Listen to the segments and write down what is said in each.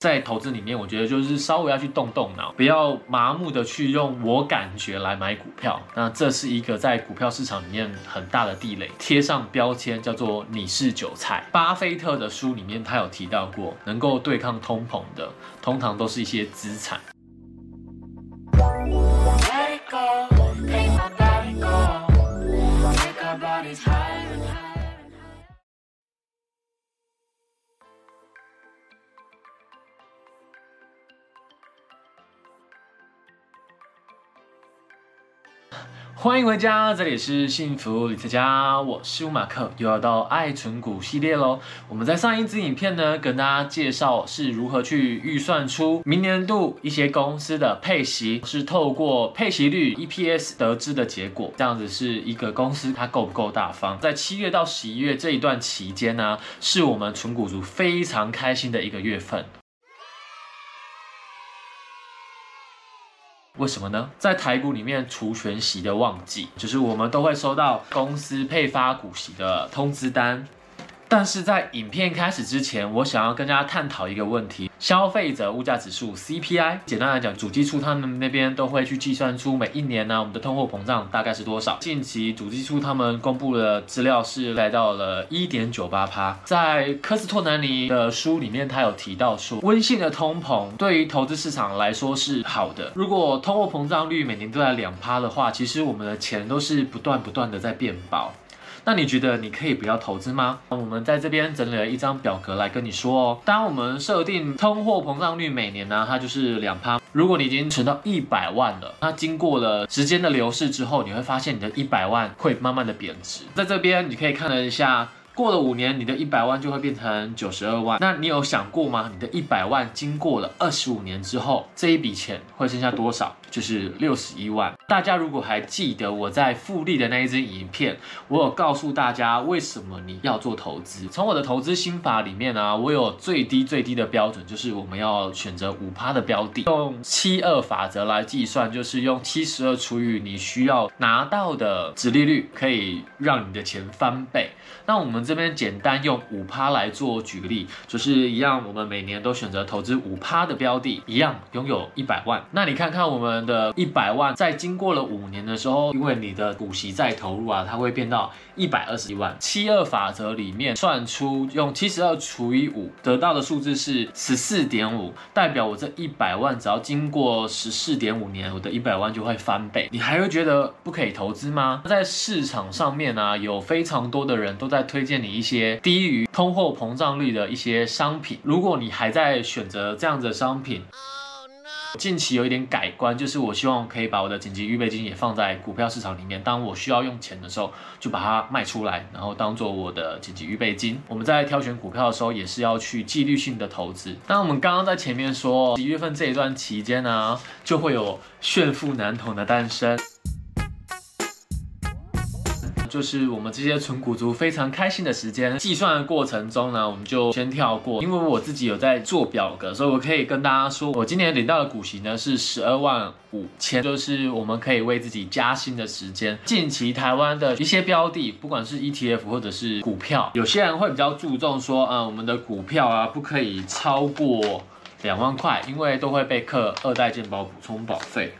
在投資裡面，我覺得就是稍微要去動動腦，不要麻木的去用我感覺來買股票。那這是一個在股票市場裡面很大的地雷，貼上標籤叫做“你是韭菜”。巴菲特的書裡面他有提到過，能夠對抗通膨的，通常都是一些資產。歡迎回家，這裡是幸福理財家，我是吳馬克，又要到愛存股系列嘍。我們在上一支影片呢，跟大家介紹是如何去預算出明年度一些公司的配息，是透過配息率 EPS 得知的結果。這樣子是一個公司它夠不夠大方。在七月到十一月這一段期間呢，是我們存股族非常開心的一個月份。為什麼呢？在台股裡面，除權息的旺季，就是我們都會收到公司配發股息的通知單。但是在影片開始之前，我想要跟大家探討一個問題：消費者物價指數 （CPI）。簡單來講，主計處他們那邊都會去計算出每一年呢、啊，我們的通貨膨脹大概是多少。近期，主計處他們公布的資料是來到了一點九八趴。在科斯托南尼的書裡面，他有提到說，溫性的通膨對於投資市場來說是好的。如果通貨膨脹率每年都在兩趴的話，其實我們的錢都是不斷不斷的在變薄。那你覺得你可以不要投資嗎？我們在這邊整理了一張表格來跟你說哦。當我們設定通貨膨脹率每年呢，它就是兩趴。如果你已經存到一百萬了，它經過了時間的流逝之後，你會發現你的一百萬會慢慢的貶值。在這邊你可以看了一下，過了五年，你的一百萬就會變成九十二萬。那你有想過嗎？你的一百萬經過了二十五年之後，這一筆錢會剩下多少？就是六十一萬。大家如果還記得我在複利的那一支影片，我有告訴大家為什麼你要做投資。從我的投資心法裡面啊，我有最低最低的標準，就是我們要選擇五趴的標的，用七二法則來計算，就是用七十二除以你需要拿到的殖利率，可以讓你的錢翻倍。那我們這邊簡單用五趴來做舉個例，就是一樣，我們每年都選擇投資五趴的標的，一樣擁有一百萬。那你看看我們。的一百萬，在經過了五年的時候，因為你的股息再投入啊，它會變到一百二十一萬。七二法則裡面算出，用七十二除以五，得到的數字是十四點五，代表我這一百萬只要經過十四點五年，我的一百萬就會翻倍。你還會覺得不可以投資嗎？在市場上面呢、啊，有非常多的人都在推薦你一些低於通貨膨脹率的一些商品。如果你還在選擇這樣子的商品，近期有一點改觀，就是我希望可以把我的緊急預備金也放在股票市場裡面，當我需要用錢的時候，就把它賣出來，然後當做我的緊急預備金。我們在挑選股票的時候，也是要去紀律性的投資。那我們剛剛在前面說，幾月份這一段期間呢、啊，就會有炫富男童的誕生。就是我們這些存股族非常開心的時間。計算的過程中呢，我們就先跳過，因為我自己有在做表格，所以我可以跟大家說，我今年領到的股息呢是十二萬五千，就是我們可以為自己加薪的時間。近期台灣的一些標的，不管是 ETF 或者是股票，有些人會比較注重說，嗯，我們的股票啊不可以超過兩萬塊，因為都會被扣二代健保補充保費。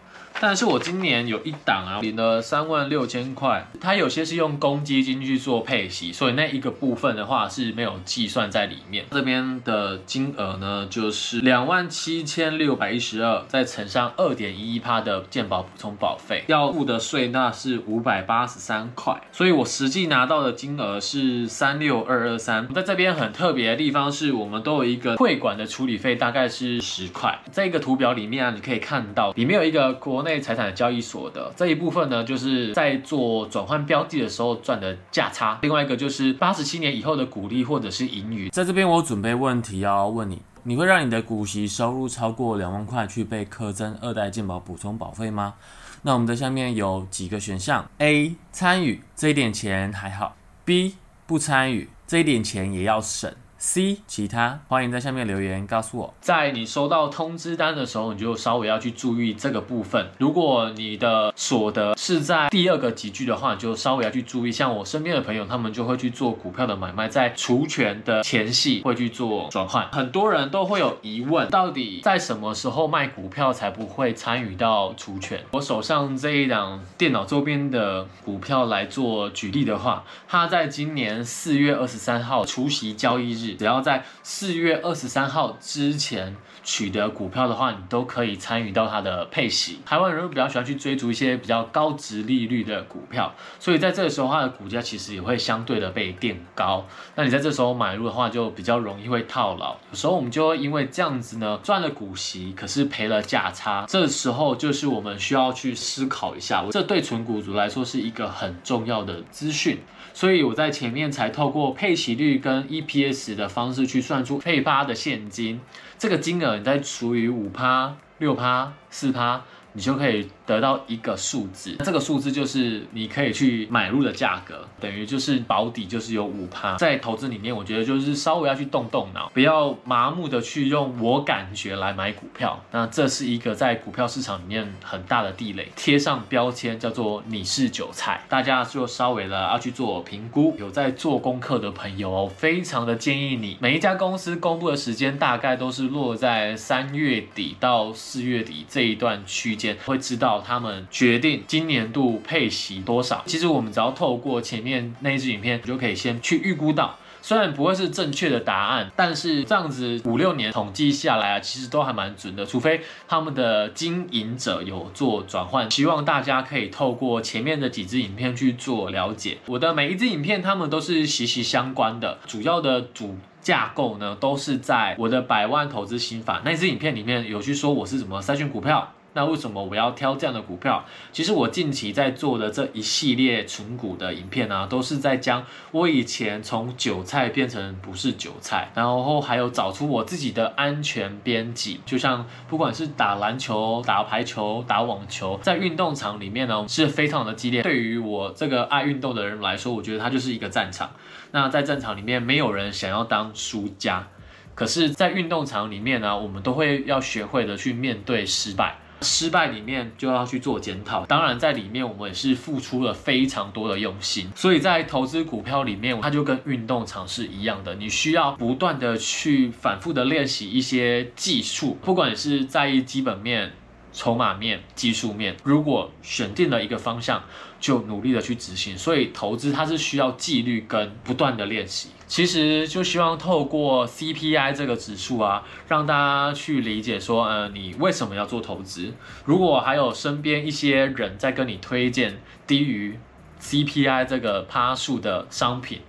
但是我今年有一檔啊，領了三萬六千塊，它有些是用公積金去做配息，所以那一個部分的話是沒有計算在裡面。這邊的金額呢，就是兩萬七千六百一十二，再乘上二點一一趴的健保補充保費，要付的稅那是五百八十三塊，所以我實際拿到的金額是三六二二三。在這邊很特別的地方是，我們都有一個會館的處理費，大概是十塊。在一個圖表裡面啊，你可以看到裡面有一個國內。在財產的交易所的這一部分呢，就是在做轉換標的的時候賺的價差。另外一個就是八十七年以後的股利或者是盈餘。在這邊我準備問題要問你，你會讓你的股息收入超過兩萬塊去被課徵二代健保補充保費嗎？那我們的下面有幾個選項：A 參與這一點錢還好；B 不參與這一點錢也要省。C 其他，歡迎在下面留言告訴我。在你收到通知單的時候，你就稍微要去注意這個部分。如果你的所得是在第二個級距的話，你就稍微要去注意。像我身邊的朋友，他們就會去做股票的買賣，在除權的前夕會去做轉換。很多人都會有疑問，到底在什麼時候賣股票才不會參與到除權？我手上這一檔電腦週邊的股票來做舉例的話，它在今年四月二十三號除息交易日。只要在四月二十三號之前取得股票的話，你都可以參與到它的配息。台灣人會比較喜歡去追逐一些比較高殖利率的股票，所以在這個時候它的股價其實也會相對的被墊高。那你在這時候買入的話，就比較容易會套牢。有時候我們就會因為這樣子呢，賺了股息，可是賠了價差。這時候就是我們需要去思考一下，這對存股族來說是一個很重要的資訊。所以我在前面才透過配息率跟 EPS 的。的方式去算出配發的現金，這個金額你再除以五趴、六趴、四趴，你就可以。得到一個數字，那這個數字就是你可以去買入的價格，等於就是保底，就是有五趴。在投資裡面，我覺得就是稍微要去動動腦，不要盲目的去用我感覺來買股票。那這是一個在股票市場裡面很大的地雷，貼上標籤叫做你是韭菜。大家就稍微的要去做評估，有在做功課的朋友，哦，非常的建議你，每一家公司公布的時間大概都是落在三月底到四月底這一段區間，會知道。他們決定今年度配息多少？其實我們只要透過前面那一支影片，就可以先去預估到。雖然不會是正確的答案，但是這樣子五六年統計下來啊，其實都還蠻準的。除非他們的經營者有做轉換。希望大家可以透過前面的幾支影片去做了解。我的每一支影片，他們都是息息相關的。主要的主架構呢，都是在我的百萬投資心法那一支影片裡面有去說我是怎麼篩選股票。那為什麼我要挑這樣的股票？其實我近期在做的這一系列存股的影片呢、啊，都是在將我以前從韭菜變成不是韭菜，然後還有找出我自己的安全邊際。就像不管是打籃球、打排球、打網球，在運動場裡面呢是非常的激烈。對於我這個愛運動的人來說，我覺得它就是一個戰場。那在戰場裡面，沒有人想要當輸家。可是，在運動場裡面呢，我們都會要學會的去面對失敗。失敗裡面就要去做檢討，當然在裡面我們也是付出了非常多的用心，所以在投資股票裡面，它就跟運動場是一樣的，你需要不斷的去反復的練習一些技術，不管是在意基本面。籌碼面、技術面，如果選定了一個方向，就努力的去執行。所以投資它是需要紀律跟不斷的練習。其實就希望透過 CPI 這個指數啊，讓大家去理解說，呃，你為什麼要做投資？如果還有身邊一些人在跟你推薦低於 CPI 這個趴數的商品。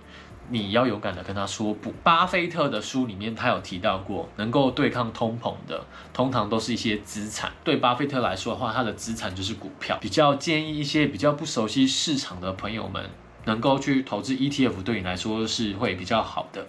你要勇敢的跟他說不。巴菲特的書裡面，他有提到過，能夠對抗通膨的，通常都是一些資產。對巴菲特來說的話，他的資產就是股票。比較建議一些比較不熟悉市場的朋友們，能夠去投資 ETF，對你來說是會比較好的。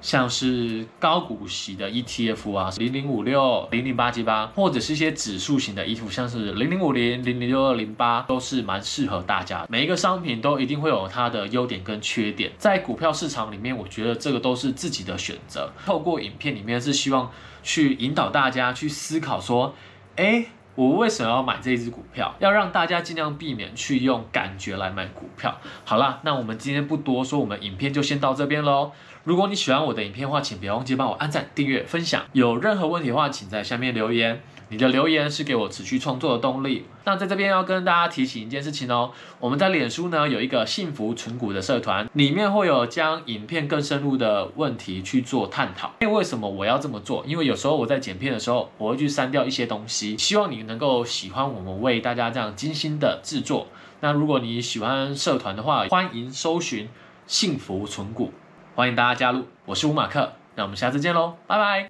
像是高股息的 ETF 啊，零零五六、零零八七八，或者是一些指數型的 ETF，像是零零五零、零零六二零八，都是蠻適合大家。每一個商品都一定會有它的優點跟缺點，在股票市場裡面，我覺得這個都是自己的選擇。透過影片裡面是希望去引導大家去思考說，哎。我為什麼要買這一隻股票？要讓大家盡量避免去用感覺來買股票。好啦，那我們今天不多說，我們影片就先到這邊嘍。如果你喜歡我的影片的話，請不要忘記幫我按讚、訂閱、分享。有任何問題的話，請在下面留言。你的留言是給我持續創作的動力。那在這邊要跟大家提醒一件事情哦，我們在臉書呢有一個幸福存股的社團，裡面會有將影片更深入的問題去做探討。因為，為什麼我要這麼做？因為有時候我在剪片的時候，我會去刪掉一些東西，希望你能夠喜歡我們為大家這樣精心的製作。那如果你喜歡社團的話，歡迎搜尋幸福存股，歡迎大家加入。我是吳馬克，那我們下次見嘍，拜拜。